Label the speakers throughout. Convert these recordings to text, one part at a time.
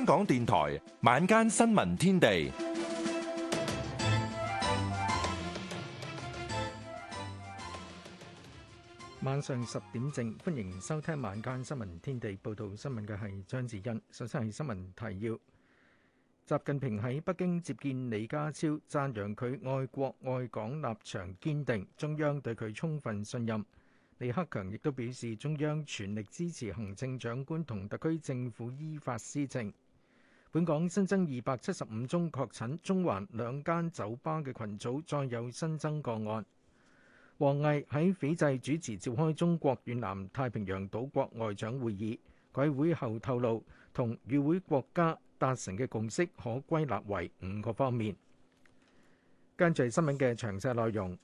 Speaker 1: 香港
Speaker 2: 電台晚間新聞天地，
Speaker 3: 晚上十點正，歡迎收聽晚間新聞天地。報道新聞嘅係張子欣，首先係新聞提要。習近平喺北京接見李家超，讚揚佢愛國愛港立場堅定，中央對佢充分信任。李克強亦都表示，中央全力支持行政長官同特區政府依法施政。本港新增二百七十五宗確診，中環兩間酒吧嘅群組再有新增個案。王毅喺斐濟主持召開中國與南太平洋島國外長會議，改會後透露同與會國家達成嘅共識可歸納為五個方面。跟住係新聞嘅詳細內容。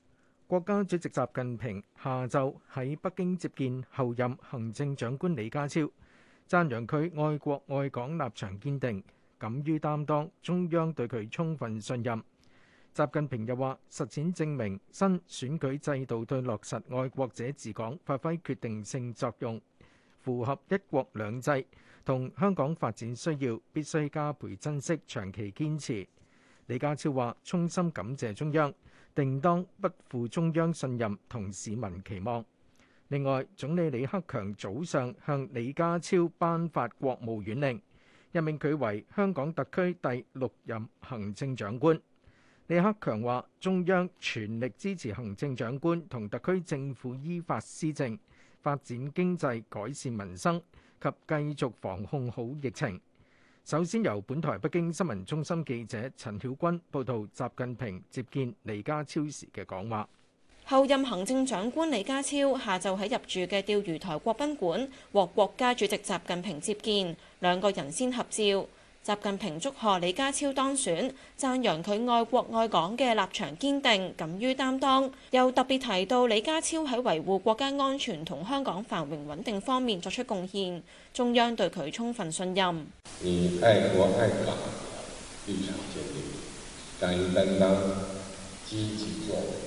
Speaker 3: 國家主席習近平下晝喺北京接見候任行政長官李家超，讚揚佢愛國愛港立場堅定。敢於擔當，中央對佢充分信任。習近平又話：實踐證明，新選舉制度對落實愛國者治港發揮決定性作用，符合一國兩制同香港發展需要，必須加倍珍惜，長期堅持。李家超話：衷心感謝中央，定當不負中央信任同市民期望。另外，總理李克強早上向李家超頒發國務院令。任命佢為香港特區第六任行政長官。李克強話：中央全力支持行政長官同特區政府依法施政，發展經濟、改善民生及繼續防控好疫情。首先由本台北京新聞中心記者陳曉君報道習近平接見李家超時嘅講話。
Speaker 4: 候任行政長官李家超下晝喺入住嘅釣魚台國賓館獲國家主席習近平接見，兩個人先合照。習近平祝賀李家超當選，讚揚佢愛國愛港嘅立場堅定、敢於擔當，又特別提到李家超喺維護國家安全同香港繁榮穩定方面作出貢獻，中央對佢充分信任。
Speaker 5: 你愛國
Speaker 6: 愛港，立場堅定，敢於擔當，積極
Speaker 1: 作為。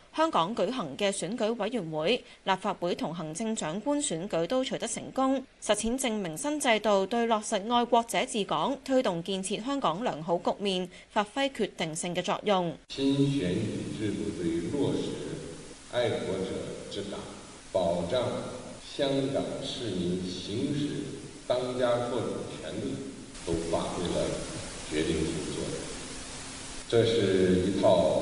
Speaker 4: 香港舉行嘅選舉委員會、立法會同行政長官選舉都取得成功，實踐證明新制度對落實愛國者治港、推動建設香港良好局面發揮決定性嘅作用。
Speaker 7: 新選舉制度
Speaker 1: 對於落實愛國者治港、保障香港市民行使當家作主權利都發揮了決定性作用。這是一套，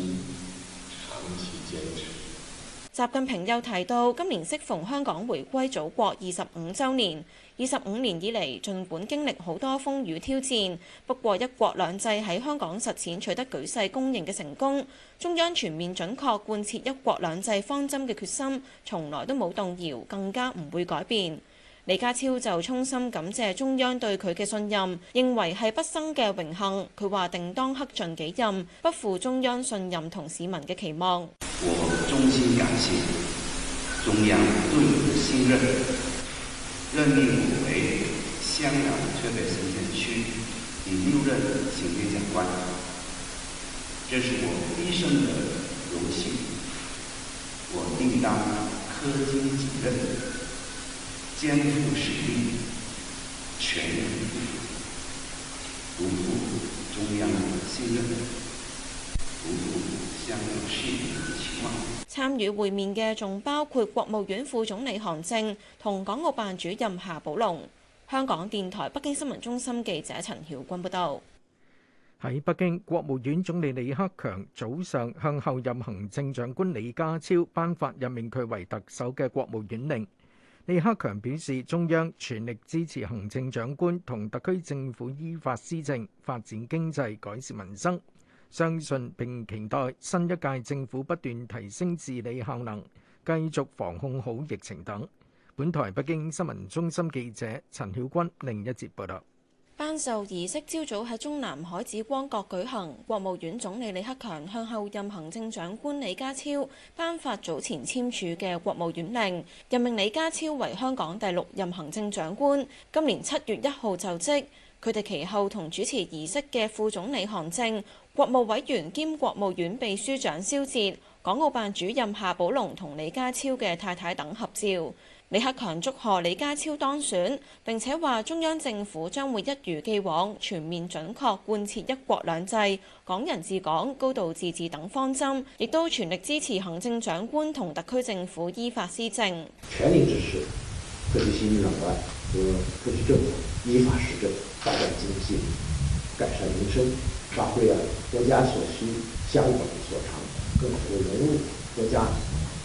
Speaker 4: 習近平又提到，今年適逢香港回歸祖國二十五週年，二十五年以嚟，儘管經歷好多風雨挑戰，不過一國兩制喺香港實踐取得舉世公認嘅成功，中央全面準確貫徹一國兩制方針嘅決心，從來都冇動搖，更加唔會改變。李家超就衷心感謝中央對佢嘅信任，認為係畢生嘅榮幸。佢話定當恪盡己任，不負中央信任同市民嘅期望。
Speaker 3: 我衷心感謝中央對我嘅信任，任命我為香港特別行政區第六
Speaker 6: 任行政長官，這是我畢生的榮
Speaker 1: 幸。我定當恪盡己任。
Speaker 4: 參與會面嘅仲包括國務院副總理韓正同港澳辦主任夏寶龍。香港電台北京新聞中心記者陳曉君報道：
Speaker 3: 喺北京，國務院總理李克強早上向候任行政長官李家超頒發任命佢為特首嘅國務院令。李克強表示，中央全力支持行政長官同特區政府依法施政，發展經濟，改善民生，相信並期待新一屆政府不斷提升治理效能，繼續防控好疫情等。本台北京新聞中心記者陳曉君另一節報道。
Speaker 4: 頒授儀式朝早喺中南海紫光閣舉行，國務院總理李克強向候任行政長官李家超頒發早前簽署嘅國務院令，任命李家超為香港第六任行政長官，今年七月一號就職。佢哋其後同主持儀式嘅副總理韓正、國務委員兼國務院秘書長肖捷、港澳辦主任夏寶龍同李家超嘅太太等合照。李克強祝賀李家超當選，並且話中央政府將會一如既往全面準確貫徹一國兩制、港人治港、高度自治等方針，亦都全力支持行政長官同特區政府依法施政。
Speaker 3: 全力支持
Speaker 8: 行
Speaker 1: 政長官和特區政府依法施政，發展經濟，改善民生，發揮啊國家所需、香港所長，更好地融入國家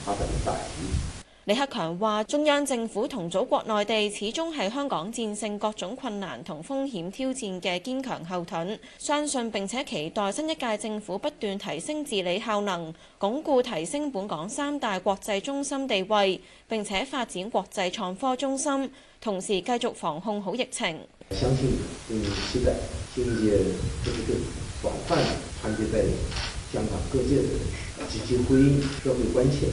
Speaker 1: 發展大局。
Speaker 4: 李克強話：中央政府同祖國內地始終係香港戰勝各種困難同風險挑戰嘅堅強後盾，相信並且期待新一屆政府不斷提升治理效能，鞏固提升本港三大國際中心地位，並且發展國際創科中心，同時繼續防控好疫情。
Speaker 3: 相信並且，現在已經得到廣泛的團結在香港各界的積極回應社會關切，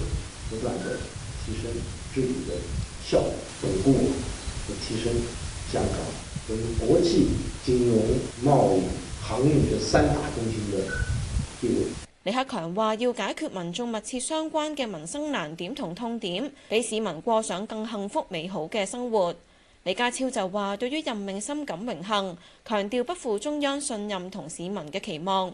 Speaker 3: 不斷的。提升自己的效率，鞏固和提升香港作為國際金融貿易航運三大中心的地位。
Speaker 4: 李克強話要解決民眾密切相關嘅民生難點同痛點，俾市民過上更幸福美好嘅生活。李家超就話，對於任命深感榮幸，強調不負中央信任同市民嘅期望。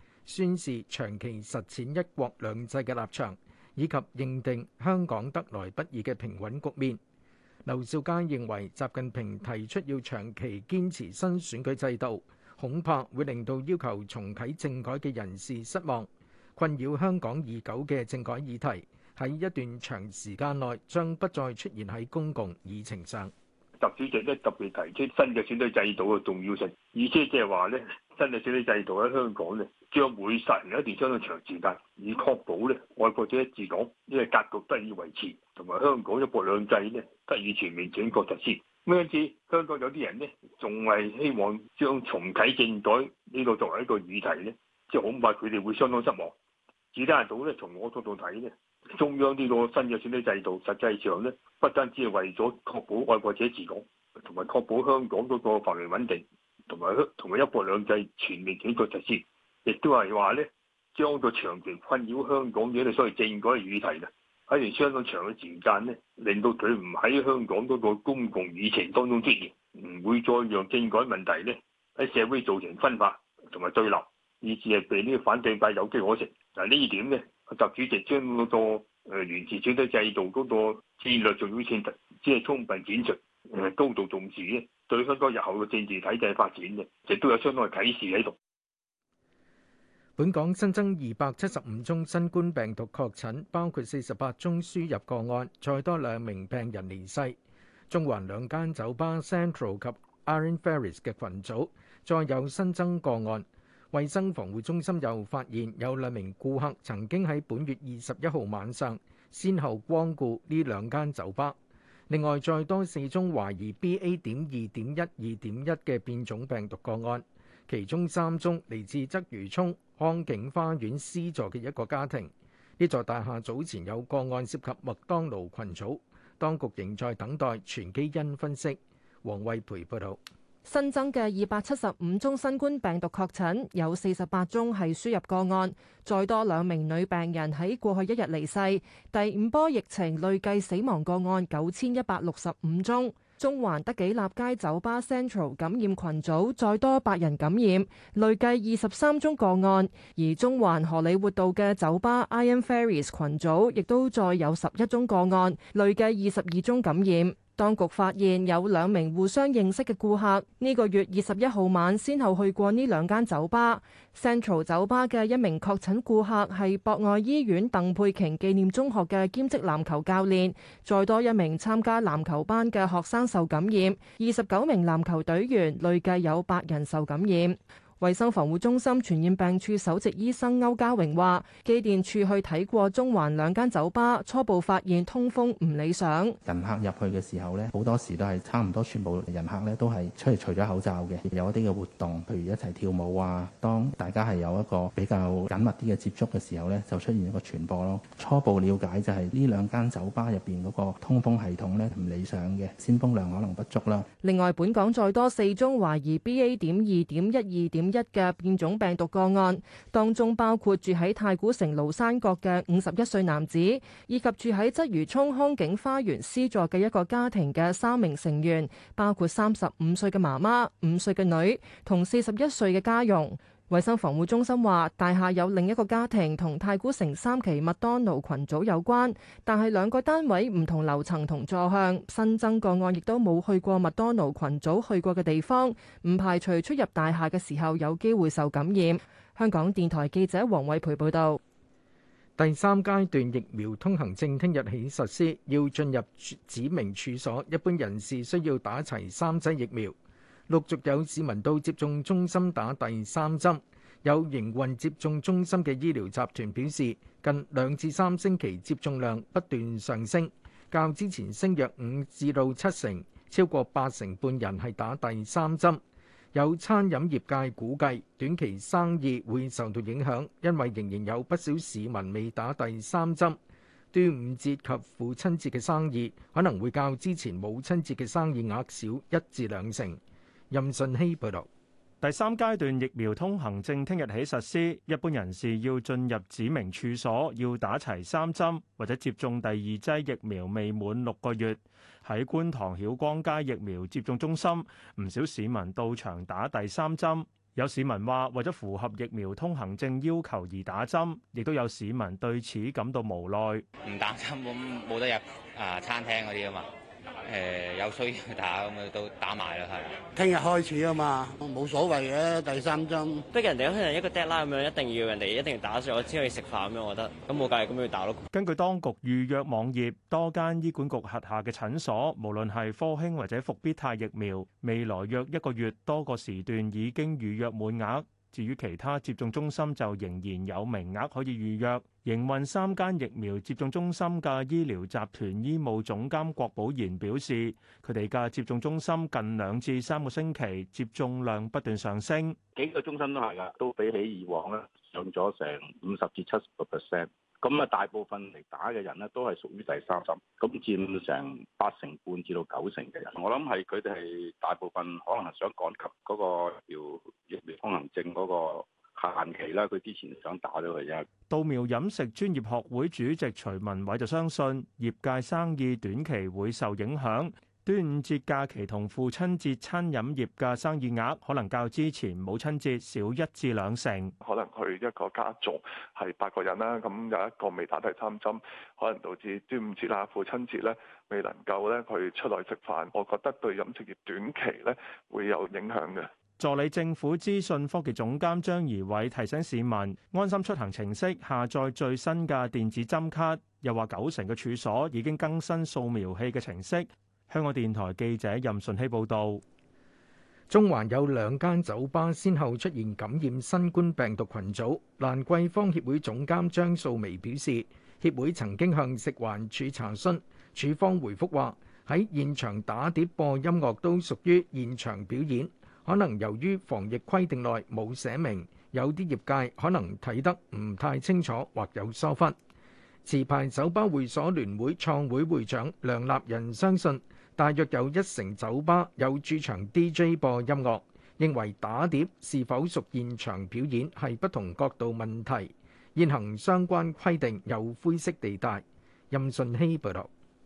Speaker 3: 宣示長期實踐一國兩制嘅立場，以及認定香港得來不易嘅平穩局面。劉少佳認為，習近平提出要長期堅持新選舉制度，恐怕會令到要求重啟政改嘅人士失望。困擾香港已久嘅政改議題喺一段長時間內將不再出現喺公共議程上。
Speaker 1: 習主席咧特別提出新嘅選舉制度嘅重要性，意思即係話咧，新嘅選舉制度喺香港咧。將會實行一段相當長時間，以確保咧外國者治港，呢個格局得以維持，同埋香港一國兩制咧得以全面整個實施。咁因此，香港有啲人呢，仲係希望將重啟政改呢個作為一個議題呢，即係恐怕佢哋會相當失望。只單到呢從我角度睇呢，中央呢個新嘅選舉制度實際上呢，不單止係為咗確保外國者治港，同埋確保香港嗰個繁榮穩定，同埋同埋一國兩制全面整個實施。亦都係話咧，將個長期困擾香港嘅所謂政改嘅議題啦，喺段相當長嘅時間咧，令到佢唔喺香港嗰個公共議程當中出現，唔會再讓政改問題咧喺社會造成分化同埋對立，以至係被呢個反對派有機可乘。嗱呢點咧，習主席將嗰、那個原、呃、自主體制度、個戰略、重要性，即係充分展述，係、呃、高度重視嘅，對香港日後嘅政治體制發展嘅，亦都有相當嘅啟示喺度。
Speaker 3: 本港新增二百七十五宗新冠病毒確診，包括四十八宗輸入個案，再多兩名病人離世。中環兩間酒吧 Central 及 Iron Fairies 嘅羣組再有新增個案，衛生防護中心又發現有兩名顧客曾經喺本月二十一號晚上，先後光顧呢兩間酒吧。另外，再多四宗懷疑 B. A. 點二點一二點一嘅變種病毒個案。其中三宗嚟自鰂魚涌康景花園 C 座嘅一個家庭。呢座大廈早前有個案涉及麥當勞群組，當局仍在等待全基因分析。黃惠培報導。
Speaker 5: 新增嘅二百七十五宗新冠病毒確診，有四十八宗係輸入個案。再多兩名女病人喺過去一日離世。第五波疫情累計死亡個案九千一百六十五宗。中環德己立街酒吧 Central 感染群組再多八人感染，累計二十三宗個案；而中環荷李活道嘅酒吧 Iron Fairies 群組亦都再有十一宗個案，累計二十二宗感染。當局發現有兩名互相認識嘅顧客，呢、這個月二十一號晚先後去過呢兩間酒吧。Central 酒吧嘅一名確診顧客係博愛醫院、鄧佩瓊紀念中學嘅兼職籃球教練。再多一名參加籃球班嘅學生受感染，二十九名籃球隊員累計有八人受感染。衛生防護中心傳染病處首席醫生歐家榮話：機電處去睇過中環兩間酒吧，初步發現通風唔理想。人客
Speaker 8: 入去嘅時候呢，好多時都係差唔多全部人客呢都係出嚟除咗口罩嘅，有一啲嘅活動，譬如一齊跳舞啊，當大家係有一個比較緊密啲嘅接觸嘅時候呢，就出現一個傳播咯。初步了解就係呢兩間酒吧入邊嗰個通風系統呢，唔理想嘅，鮮風量可能不足啦。
Speaker 5: 另外，本港再多四宗懷疑 B A 點二點一二點。一嘅變種病毒個案，當中包括住喺太古城廬山閣嘅五十一歲男子，以及住喺鰂魚涌康景花園 C 座嘅一個家庭嘅三名成員，包括三十五歲嘅媽媽、五歲嘅女同四十一歲嘅家傭。衛生防護中心話，大廈有另一個家庭同太古城三期麥當勞群組有關，但係兩個單位唔同樓層同座向，新增個案亦都冇去過麥當勞群組去過嘅地方，唔排除出入大廈嘅時候有機會受感染。
Speaker 3: 香港電台記者黃偉培報道。第三階段疫苗通行證聽日起實施，要進入指明處所，一般人士需要打齊三劑疫苗。陸續有市民到接種中心打第三針。有營運接種中心嘅醫療集團表示，近兩至三星期接種量不斷上升，較之前升約五至到七成，超過八成半人係打第三針。有餐飲業界估計，短期生意會受到影響，因為仍然有不少市民未打第三針。端午節及父親節嘅生意可能會較之前母親節嘅生意額少一至兩成。任舜希報道：第三階段疫苗通行證聽日起實
Speaker 2: 施，一般人士要進入指明處所要打齊三針或者接種第二劑疫苗未滿六個月。喺觀塘曉光街疫苗接種中心，唔少市民到場打第三針。有市民話為咗符合疫苗通行證要求而打針，亦都有市民對此感到無奈。唔打針
Speaker 8: 咁冇得入啊餐廳嗰啲啊嘛。誒有需要去打咁啊，都打
Speaker 9: 埋啦，係咪？
Speaker 2: 聽日開始啊嘛，冇所謂嘅第三針。
Speaker 9: 逼人哋可能一個 deadline 咁樣，一定要人哋一定打上，我先可以食飯咁樣。我覺得咁，我梗係咁樣打咯。
Speaker 2: 根據當局預約網頁，多間醫管局轄下嘅診所，無論係科興或者復必泰疫苗，未來約一個月多個時段已經預約滿額。至於其他接種中心就仍然有名額可以預約。營運三間疫苗接種中心嘅醫療集團醫務總監郭寶賢表示，佢哋嘅接種中心近兩至三個星期接種量不斷上升，
Speaker 6: 幾個中心都係㗎，都比起以往咧上咗成五十至七十個 percent。咁啊，大部分嚟打嘅人咧，都係屬於第三針，咁佔成八成半至到九成嘅人，我諗係佢哋係大部分可能係想趕及嗰個疫苗通行證嗰個限期啦，佢之前想打咗佢啫。
Speaker 2: 稻苗飲食專業學會主席徐文偉就相信，業界生意短期會受影響。端午節假期同父親節餐飲業嘅生意額可能較之前母親節少一至兩成。可
Speaker 8: 能佢一個家族係八個人啦，咁有一個未打第三針，可能導致端午節啦、父親節咧未能夠咧去出來食飯。我覺得對飲食業短期咧會有影響嘅。
Speaker 2: 助理政府資訊科技總監張儀偉提醒市民安心出行程式下載最新嘅電子針卡，又話九成嘅處所已經更新掃描器嘅程式。香港電臺記者任順希報道，
Speaker 3: 中環有兩間酒吧先後出現感染新冠病毒群組。蘭桂坊協會總監張素薇表示，協會曾經向食環署查詢，署方回復話喺現場打碟播音樂都屬於現場表演，可能由於防疫規定內冇寫明，有啲業界可能睇得唔太清楚或有疏忽。持牌酒吧會所聯會創會會長梁立仁相信。大約有一成酒吧有駐場 DJ 播音樂，認為打碟是否屬現場表演係不同角度問題。現行相關規定有灰色地帶。任
Speaker 2: 信希報道。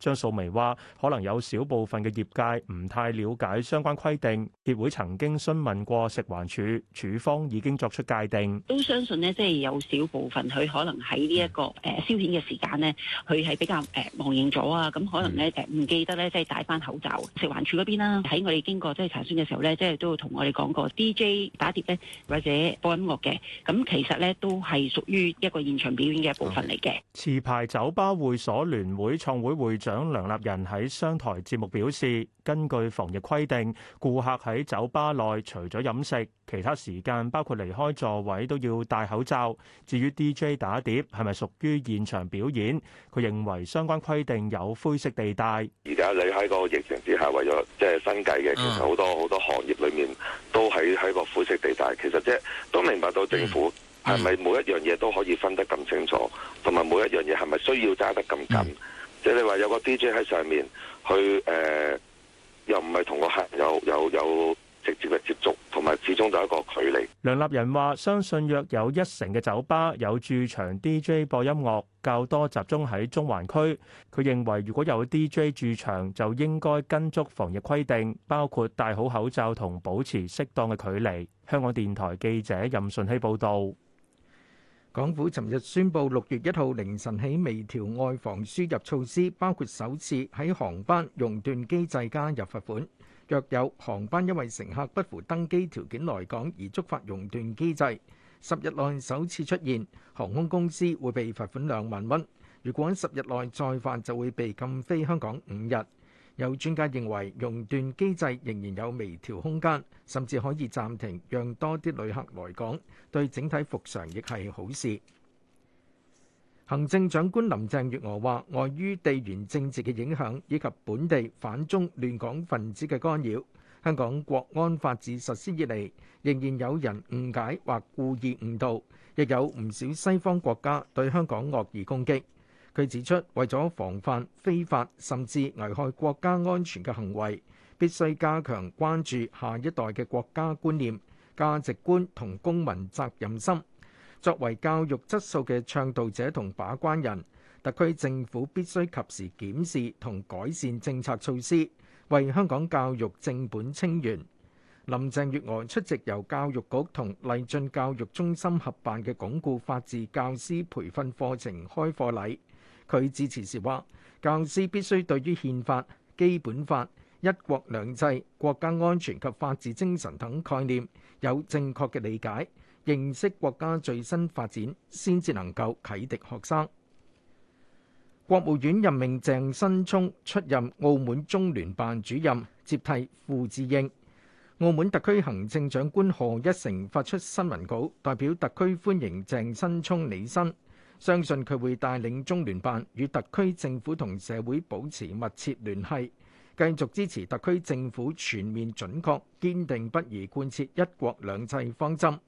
Speaker 2: 張素眉話：可能有少部分嘅業界唔太瞭解相關規定，協會曾經詢問過食環署，署方已經作出界定。
Speaker 5: 都相信咧，即係有少部分佢可能喺呢一個誒消遣嘅時間咧，佢係比較誒忘形咗啊。咁可能咧誒唔記得咧，即係戴翻口罩。食環署嗰邊啦，喺我哋經過即係查詢嘅時候咧，即係都同我哋講過，DJ 打碟咧或者播音樂嘅，咁其實咧都係屬於一個現場表演嘅一部分嚟嘅。
Speaker 2: 持牌酒吧會所聯會創會會長。講梁立人喺商台節目表示，根據防疫規定，顧客喺酒吧內除咗飲食，其他時間包括離開座位都要戴口罩。至於 DJ 打碟係咪屬於現場表演，佢認為相關規定有灰色地帶。
Speaker 1: 而家你喺個疫情之下，為咗即係生計嘅，其實好多好多行業裏面都喺，喺個灰色地帶。其實即係都明白到政府係咪每一樣嘢，都可以分得咁清楚，同埋每一樣嘢係咪需要揸得咁緊。即係你話有個 DJ 喺上面，去誒又唔係同個客有有有直接嘅接觸，同埋始終都係一個距離。
Speaker 2: 梁立仁話：相信約有一成嘅酒吧有駐場 DJ 播音樂，較多集中喺中環區。佢認為如果有 DJ 駐場，就應該跟足防疫規定，包括戴好口罩同保持適當嘅距離。香港電台記者
Speaker 3: 任順希報道。港府尋日宣布，六月一號凌晨起微調外防輸入措施，包括首次喺航班熔斷機制加入罰款。若有航班因為乘客不符登機條件來港而觸發熔斷機制，十日內首次出現，航空公司會被罰款兩萬蚊。如果喺十日內再犯，就會被禁飛香港五日。有專家認為，熔斷機制仍然有微調空間，甚至可以暫停，讓多啲旅客來港，對整體復常亦係好事。行政長官林鄭月娥話，礙於地緣政治嘅影響，以及本地反中亂港分子嘅干擾，香港國安法自實施以嚟，仍然有人誤解或故意誤導，亦有唔少西方國家對香港惡意攻擊。佢指出，為咗防範非法甚至危害國家安全嘅行為，必須加強關注下一代嘅國家觀念、價值觀同公民責任心。作為教育質素嘅倡導者同把關人，特區政府必須及時檢視同改善政策措施，為香港教育正本清源。林鄭月娥出席由教育局同勵進教育中心合辦嘅鞏固法治教師培訓課程開課禮。佢致詞時話：教師必須對於憲法、基本法、一國兩制、國家安全及法治精神等概念有正確嘅理解，認識國家最新發展，先至能夠啟迪學生。國務院任命鄭新聰出任澳門中聯辦主任，接替傅自應。澳門特區行政長官賀一誠發出新聞稿，代表特區歡迎鄭新聰履新。相信佢會帶領中聯辦與特區政府同社會保持密切聯繫，繼續支持特區政府全面準確、堅定不移貫徹一國兩制方針，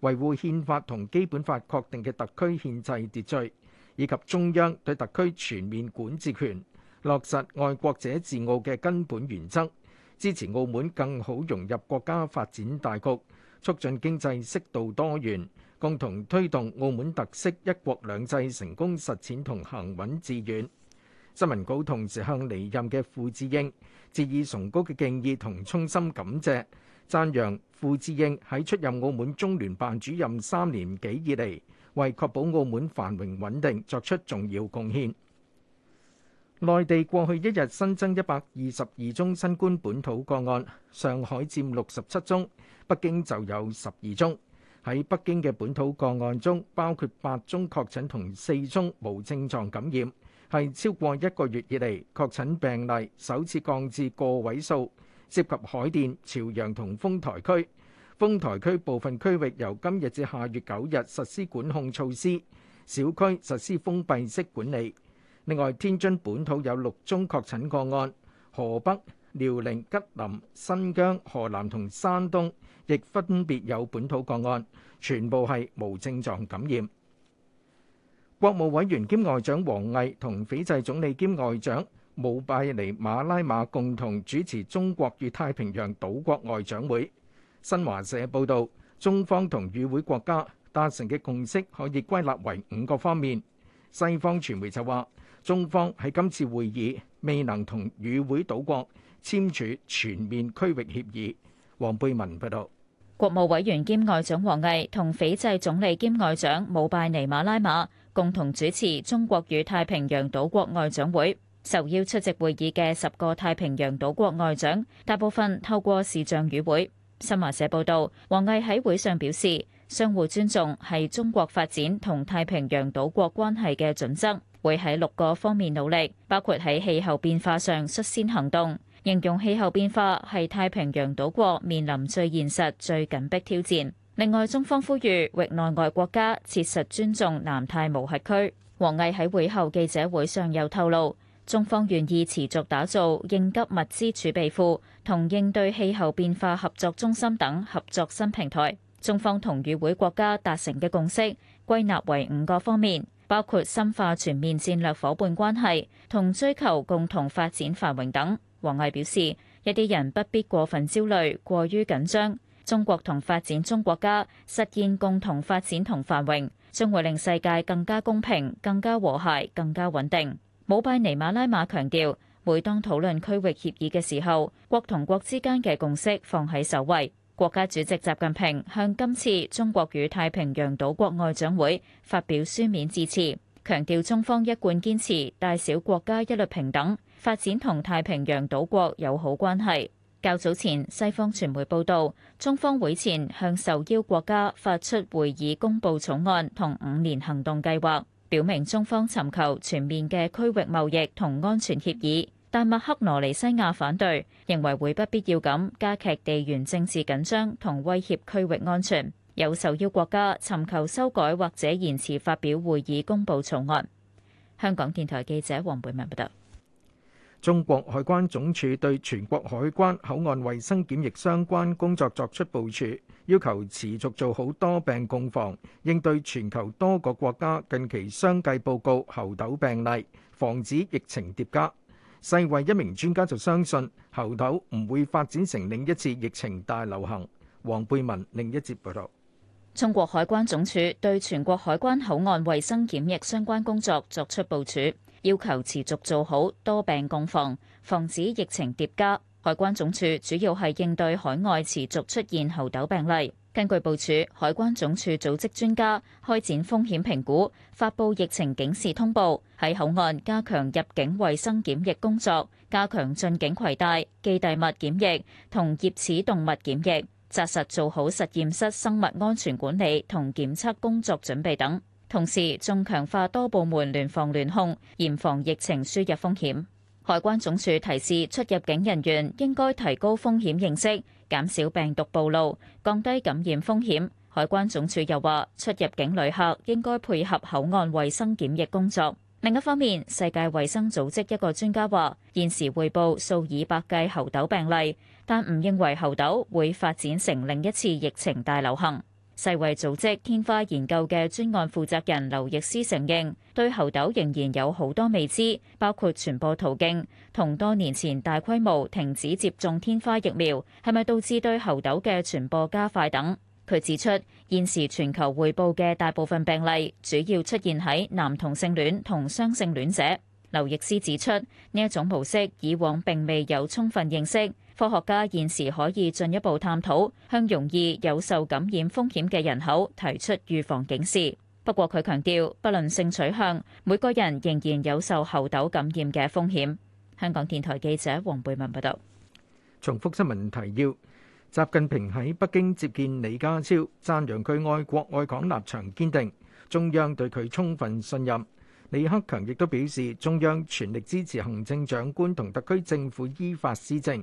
Speaker 3: 維護憲法同基本法確定嘅特區憲制秩序，以及中央對特區全面管治權，落實愛國者治澳嘅根本原則，支持澳門更好融入國家發展大局，促進經濟適度多元。共同推動澳門特色一國兩制成功實踐同行穩致遠。新聞稿同時向離任嘅傅自應致以崇高嘅敬意同衷心感謝，讚揚傅自應喺出任澳門中聯辦主任三年幾以嚟，為確保澳門繁榮穩定作出重要貢獻。內地過去一日新增一百二十二宗新冠本土個案，上海佔六十七宗，北京就有十二宗。喺北京嘅本土個案中，包括八宗確診同四宗無症狀感染，係超過一個月以嚟確診病例首次降至個位數，涉及海淀、朝陽同豐台區，豐台區部分區域由今日至下月九日實施管控措施，小區實施封閉式管理。另外，天津本土有六宗確診個案，河北、遼寧、吉林、新疆、河南同山東亦分別有本土個案，全部係無症狀感染。國務委員兼外長王毅同斐濟總理兼外長姆拜尼馬拉馬共同主持中國與太平洋島國外長會。新華社報導，中方同與會國家達成嘅共識可以歸納為五個方面。西方傳媒就話，中方喺今次會議未能同與會島國。簽署全面區域協議。黃貝文報導，
Speaker 7: 國務委員兼外長王毅同斐濟總理兼外長姆拜尼馬拉馬共同主持中國與太平洋島國外長會。受邀出席會議嘅十個太平洋島國外長，大部分透過視像與會。新華社報導，王毅喺會上表示，相互尊重係中國發展同太平洋島國關係嘅準則，會喺六個方面努力，包括喺氣候變化上率先行動。形容氣候變化係太平洋島國面臨最現實、最緊迫挑戰。另外，中方呼籲域內外國家切實尊重南太無核區。王毅喺會後記者會上又透露，中方願意持續打造應急物資儲備庫同應對氣候變化合作中心等合作新平台。中方同與會國家達成嘅共識歸納為五個方面，包括深化全面戰略夥伴關係同追求共同發展繁榮等。王毅表示，一啲人不必過分焦慮，過於緊張，中國同發展中國家實現共同發展同繁榮將會令世界更加公平、更加和諧、更加穩定。姆拜尼馬拉馬強調，每當討論區域協議嘅時候，國同國之間嘅共識放喺首位。國家主席習近平向今次中國與太平洋島國外長會發表書面致辭，強調中方一貫堅持大小國家一律平等。發展同太平洋島國友好關係。較早前，西方傳媒報導，中方會前向受邀國家發出會議公佈草案同五年行動計劃，表明中方尋求全面嘅區域貿易同安全協議。但麥克羅尼西亞反對，認為會不必要咁加劇地緣政治緊張同威脅區域安全。有受邀國家尋求修改或者延遲發表會議公佈草案。香港電台記者黃貝文報道。
Speaker 3: 中國海關總署對全國海關口岸衛生檢疫相關工作作出部署，要求持續做好多病共防，應對全球多個國家近期相繼報告猴痘病例，防止疫情疊加。世衞一名專家就相信猴痘唔會發展成另一次疫情大流行。黃貝文另一節報道，
Speaker 7: 中國海關總署對全國海關口岸衛生檢疫相關工作作出部署。要求持續做好多病共防，防止疫情疊加。海關總署主要係應對海外持續出現猴痘病例。根據部署，海關總署組織專家開展風險評估，發布疫情警示通報，喺口岸加強入境衛生檢疫工作，加強進境攜帶寄遞物檢疫同嚙齒動物檢疫，紮實做好實驗室生物安全管理同檢測工作準備等。同時仲強化多部門聯防聯控，嚴防疫情輸入風險，海關總署提示出入境人員應該提高風險認識，減少病毒暴露，降低感染風險，海關總署又話出入境旅客應該配合口岸衛生檢疫工作。另一方面，世界衛生組織一個專家話現時匯報數以百計猴痘病例，但唔認為猴痘會發展成另一次疫情大流行。世衛組織天花研究嘅專案負責人劉易斯承認，對猴痘仍然有好多未知，包括傳播途徑同多年前大規模停止接種天花疫苗係咪導致對猴痘嘅傳播加快等。佢指出，現時全球匯報嘅大部分病例主要出現喺男同性戀同雙性戀者。劉易斯指出，呢一種模式以往並未有充分認識。科學家現時可以進一步探討，向容易有受感染風險嘅人口提出預防警示。不過，佢強調，不論性取向，每個人仍然有受猴痘感染嘅風險。香港電台記者黃貝文報道。
Speaker 3: 重複新聞提要：習近平喺北京接見李家超，讚揚佢愛國愛港立場堅定，中央對佢充分信任。李克強亦都表示，中央全力支持行政長官同特區政府依法施政。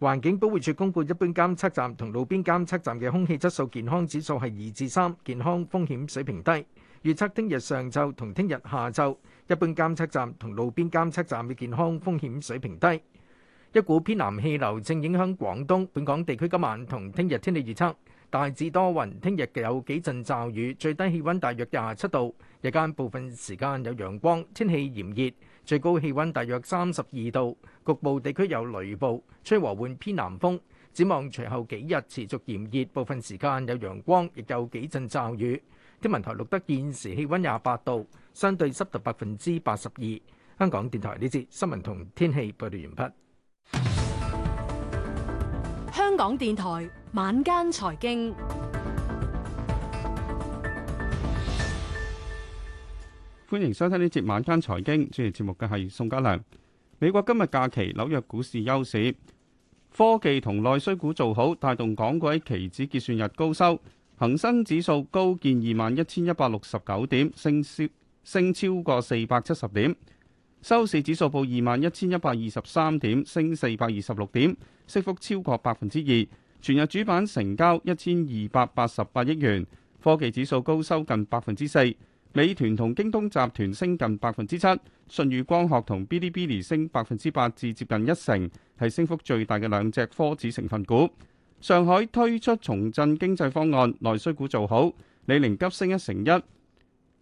Speaker 3: 環境保護署公布一般監測站同路邊監測站嘅空氣質素健康指數係二至三，健康風險水平低。預測聽日上晝同聽日下晝，一般監測站同路邊監測站嘅健康風險水平低。一股偏南氣流正影響廣東本港地區，今晚同聽日天氣預測大致多雲，聽日有幾陣驟雨，最低氣温大約廿七度。日間部分時間有陽光，天氣炎熱，最高氣温大約三十二度，局部地區有雷暴，吹和緩偏南風。展望隨後幾日持續炎熱，部分時間有陽光，亦有幾陣驟雨。天文台錄得現時氣温廿八度，相對濕度百分之八十二。香港電台呢節新聞同天氣報道完畢。
Speaker 4: 香港電台晚間財經。
Speaker 6: 歡迎收聽呢節晚間財經，主持節目嘅係宋家良。美國今日假期，紐約股市休市，科技同內需股做好，帶動港股期指結算日高收。恒生指數高見二萬一千一百六十九點，升超升超過四百七十點，收市指數報二萬一千一百二十三點，升四百二十六點，升幅超過百分之二。全日主板成交一千二百八十八億元，科技指數高收近百分之四。美團同京東集團升近百分之七，舜宇光學同嗶哩嗶哩升百分之八至接近一成，係升幅最大嘅兩隻科指成分股。上海推出重振經濟方案，內需股做好，李寧急升一成一，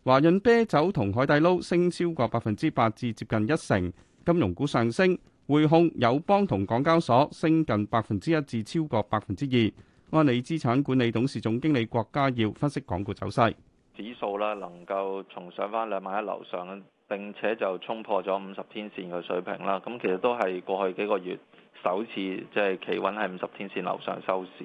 Speaker 6: 華潤啤酒同海底撈升超過百分之八至接近一成，金融股上升，匯控、友邦同港交所升近百分之一至超過百分之二。安理資產管理董事總經理郭家耀分析港股走勢。
Speaker 10: 指數啦，能夠重上翻兩萬一樓上，並且就衝破咗五十天線嘅水平啦。咁其實都係過去幾個月首次，即係企穩喺五十天線樓上收市。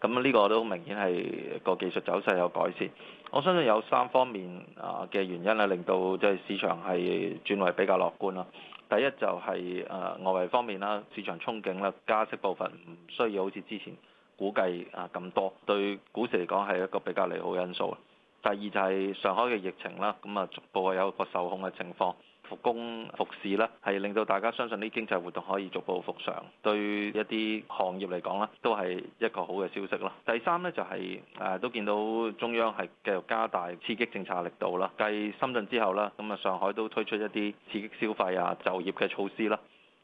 Speaker 10: 咁呢個都明顯係個技術走勢有改善。我相信有三方面啊嘅原因啊，令到即係市場係轉為比較樂觀啦。第一就係誒外圍方面啦，市場憧憬啦，加息部分唔需要好似之前估計啊咁多，對股市嚟講係一個比較利好因素。第二就係上海嘅疫情啦，咁啊逐步係有個受控嘅情況，復工復市啦，係令到大家相信啲經濟活動可以逐步復常，對一啲行業嚟講啦，都係一個好嘅消息啦。第三呢、就是，就係誒都見到中央係繼續加大刺激政策力度啦，繼深圳之後啦，咁啊上海都推出一啲刺激消費啊就業嘅措施啦，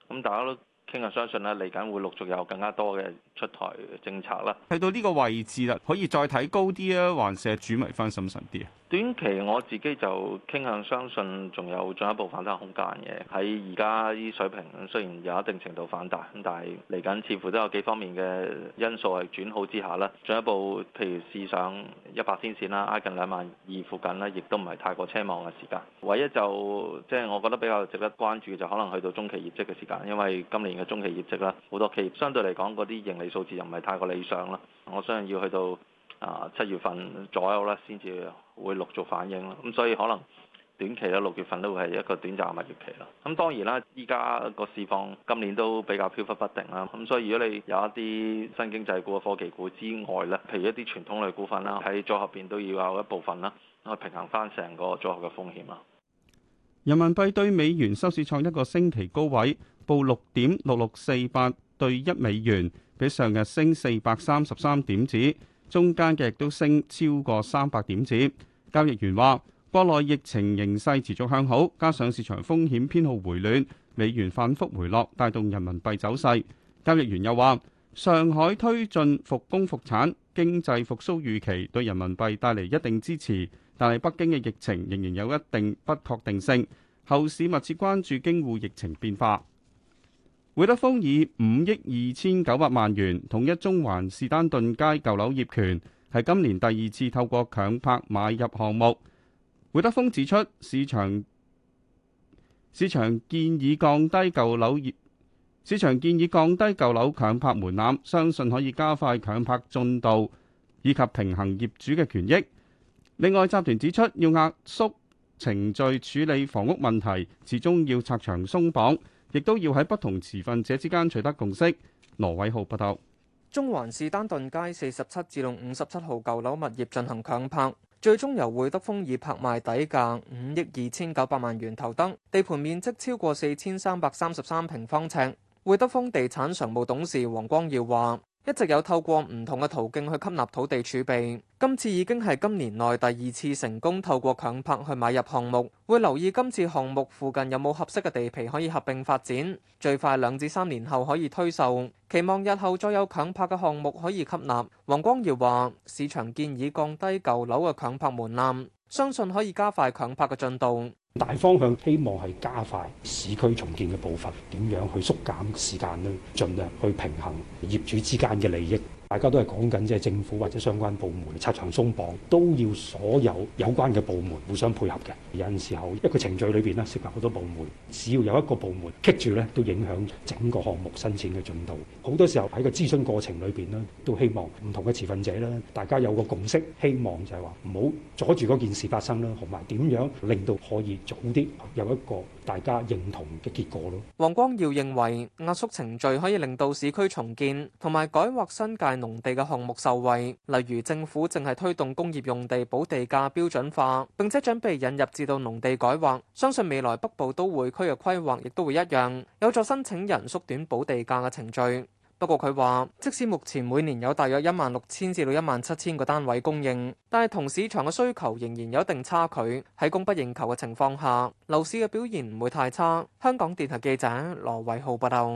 Speaker 10: 咁大家都。傾啊！相信咧，嚟緊會陸續有更加多嘅出台政策啦。
Speaker 6: 去到呢個位置啦，可以再睇高啲啊，還是係轉埋翻審慎啲啊？
Speaker 10: 短期我自己就傾向相信仲有進一步反彈空間嘅，喺而家啲水平雖然有一定程度反彈，但係嚟緊似乎都有幾方面嘅因素係轉好之下啦，進一步譬如試想一百天線啦，挨近兩萬二附近咧，亦都唔係太過奢望嘅時間。唯一就即係、就係、我覺得比較值得關注就可能去到中期業績嘅時間，因為今年嘅中期業績啦，好多企業相對嚟講嗰啲盈利數字又唔係太過理想啦，我相信要去到。啊，七月份左右啦，先至會陸續反映咯。咁、嗯、所以可能短期咧六月份都會係一個短暫嘅物業期啦。咁、嗯、當然啦，依家個市況今年都比較飄忽不定啦。咁、嗯、所以如果你有一啲新經濟股、科技股之外咧，譬如一啲傳統類股份啦，喺組合邊都要有一部分啦，去平衡翻成個組合嘅風險啦。
Speaker 6: 人民幣對美元收市創一個星期高位，報六點六六四八對一美元，比上日升四百三十三點子。中間嘅亦都升超過三百點子。交易員話：國內疫情形勢持續向好，加上市場風險偏好回暖，美元反覆回落，帶動人民幣走勢。交易員又話：上海推進復工復產，經濟復甦預期對人民幣帶嚟一定支持，但係北京嘅疫情仍然有一定不確定性。後市密切關注京滬疫情變化。會德豐以五億二千九百萬元統一中環士丹頓街舊樓業權，係今年第二次透過強拍買入項目。會德豐指出，市場市場建議降低舊樓業市場建議降低舊樓強拍門檻，相信可以加快強拍進度以及平衡業主嘅權益。另外，集團指出要壓縮程序處理房屋問題，始終要拆牆鬆綁。亦都要喺不同持份者之間取得共識。羅偉浩報道。
Speaker 9: 中環士丹頓街四十七至到五十七號舊樓物業進行強拍，最終由會德豐以拍賣底價五億二千九百萬元投得。地盤面積超過四千三百三十三平方呎。會德豐地產常務董事黃光耀話。一直有透過唔同嘅途徑去吸納土地儲備，今次已經係今年內第二次成功透過強拍去買入項目，會留意今次項目附近有冇合適嘅地皮可以合併發展，最快兩至三年後可以推售。期望日後再有強拍嘅項目可以吸納。黃光耀話：市場建議降低舊樓嘅強拍門檻，相信可以加快強拍嘅進度。
Speaker 2: 大方向希望係加快市區重建嘅步伐，點樣去縮減時間咧？盡量去平衡業主之間嘅利益。大家都係講緊，即政府或者相關部門拆牆鬆綁，都要所有有關嘅部門互相配合嘅。有陣時候一個程序裏邊咧，涉及好多部門，只要有一個部門棘住咧，都影響整個項目申請嘅進度。好多時候喺個諮詢過程裏邊咧，都希望唔同嘅持份者咧，大家有個共識，希望就係話唔好阻住嗰件事發生啦，同埋點樣令到可以早啲有一個。大家認同嘅結果咯。
Speaker 9: 黃光耀認為壓縮程序可以令到市區重建同埋改劃新界農地嘅項目受惠，例如政府正係推動工業用地補地價標準化，並且準備引入至到農地改劃。相信未來北部都會區嘅規劃亦都會一樣，有助申請人縮短補地價嘅程序。不過佢話，即使目前每年有大約一萬六千至到一萬七千個單位供應，但係同市場嘅需求仍然有一定差距。喺供不應求嘅情況下，樓市嘅表現唔會太差。香港電台記者羅偉浩報道。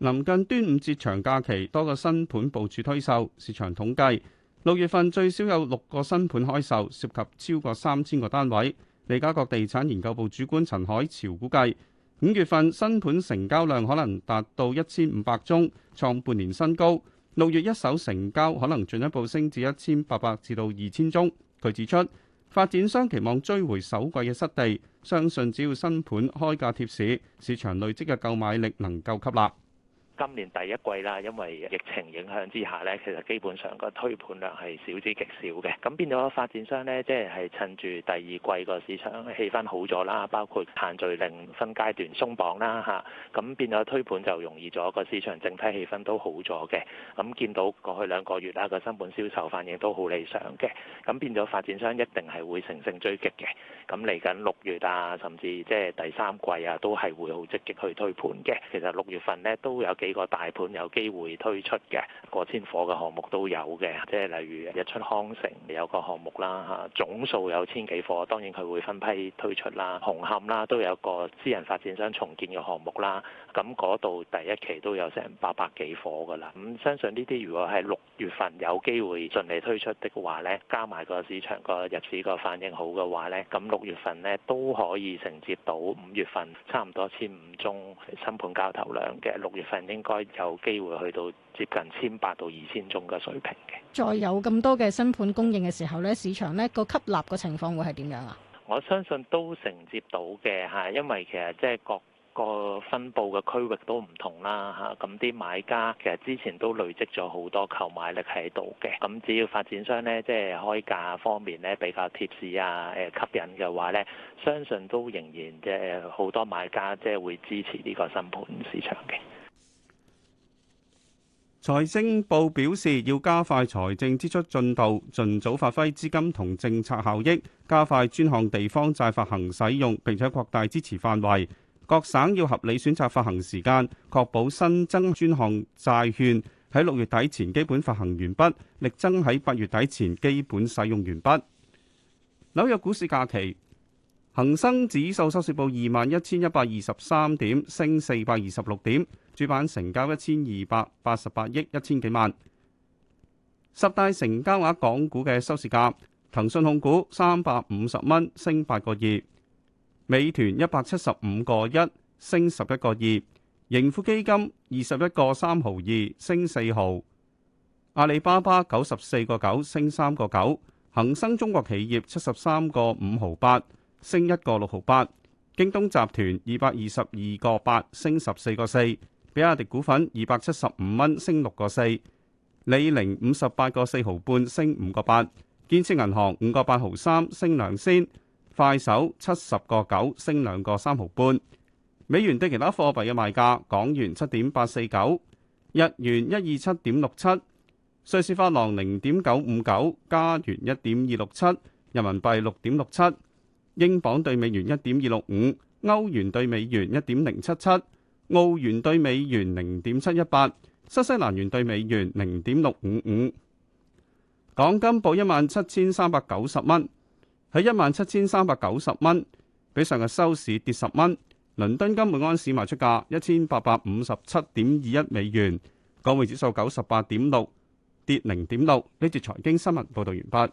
Speaker 6: 臨近端午節長假期，多個新盤部署推售。市場統計，六月份最少有六個新盤開售，涉及超過三千個單位。利嘉閣地產研究部主管陳海潮估計。五月份新盤成交量可能達到一千五百宗，創半年新高。六月一手成交可能進一步升至一千八百至到二千宗。佢指出，發展商期望追回首季嘅失地，相信只要新盤開價貼市，市場累積嘅購買力能夠吸納。
Speaker 8: 今年第一季啦，因為疫情影響之下咧，其實基本上個推盤量係少之極少嘅。咁變咗發展商咧，即係係趁住第二季個市場氣氛好咗啦，包括限聚令分階段鬆綁啦吓，咁變咗推盤就容易咗，個市場整體氣氛都好咗嘅。咁見到過去兩個月啦，個新盤銷售反應都好理想嘅，咁變咗發展商一定係會乘勝追擊嘅。咁嚟緊六月啊，甚至即係第三季啊，都係會好積極去推盤嘅。其實六月份咧都有。幾個大盤有機會推出嘅過千夥嘅項目都有嘅，即係例如日出康城有個項目啦，吓，總數有千幾夥，當然佢會分批推出啦。紅磡啦都有個私人發展商重建嘅項目啦，咁嗰度第一期都有成八百幾夥㗎喇。咁相信呢啲如果係六月份有機會順利推出的話呢，加埋個市場個入市個反應好嘅話呢，咁六月份呢都可以承接到五月份差唔多千五宗新盤交投量嘅，六月份應該有機會去到接近千八到二千宗嘅水平嘅。
Speaker 4: 再有咁多嘅新盤供應嘅時候呢，市場呢個吸納嘅情況會係
Speaker 7: 點樣啊？
Speaker 8: 我相信都承接到嘅嚇，因為其實即係各個分佈嘅區域都唔同啦嚇。咁啲買家其實之前都累積咗好多購買力喺度嘅。咁只要發展商呢，即係開價方面呢比較貼市啊，吸引嘅話呢，相信都仍然即係好多買家即係會支持呢個新盤市場嘅。
Speaker 6: 財政部表示，要加快財政支出進度，盡早發揮資金同政策效益，加快專項地方債發行使用，並且擴大支持範圍。各省要合理選擇發行時間，確保新增專項債券喺六月底前基本發行完畢，力爭喺八月底前基本使用完畢。紐約股市假期。恒生指數收市報二萬一千一百二十三點，升四百二十六點。主板成交一千二百八十八億一千幾萬。十大成交額港股嘅收市價：騰訊控股三百五十蚊，升八個二；美團一百七十五個一，升十一個二；盈富基金二十一個三毫二，升四毫；阿里巴巴九十四個九，升三個九；恒生中國企業七十三個五毫八。1> 升一個六毫八，京東集團二百二十二個八，升十四個四，比亞迪股份二百七十五蚊，升六個四，李寧五十八個四毫半，升五個八，建設銀行五個八毫三，升兩先，快手七十個九，升兩個三毫半，美元對其他貨幣嘅賣價，港元七點八四九，日元一二七點六七，瑞士法郎零點九五九，加元一點二六七，人民幣六點六七。英鎊兌美元一點二六五，歐元兌美元一點零七七，澳元兌美元零點七一八，新西蘭元兌美元零點六五五。港金報一萬七千三百九十蚊，喺一萬七千三百九十蚊，比上日收市跌十蚊。倫敦金每安士賣出價一千八百五十七點二一美元，港匯指數九十八點六，跌零點六。呢節財經新聞報道完畢。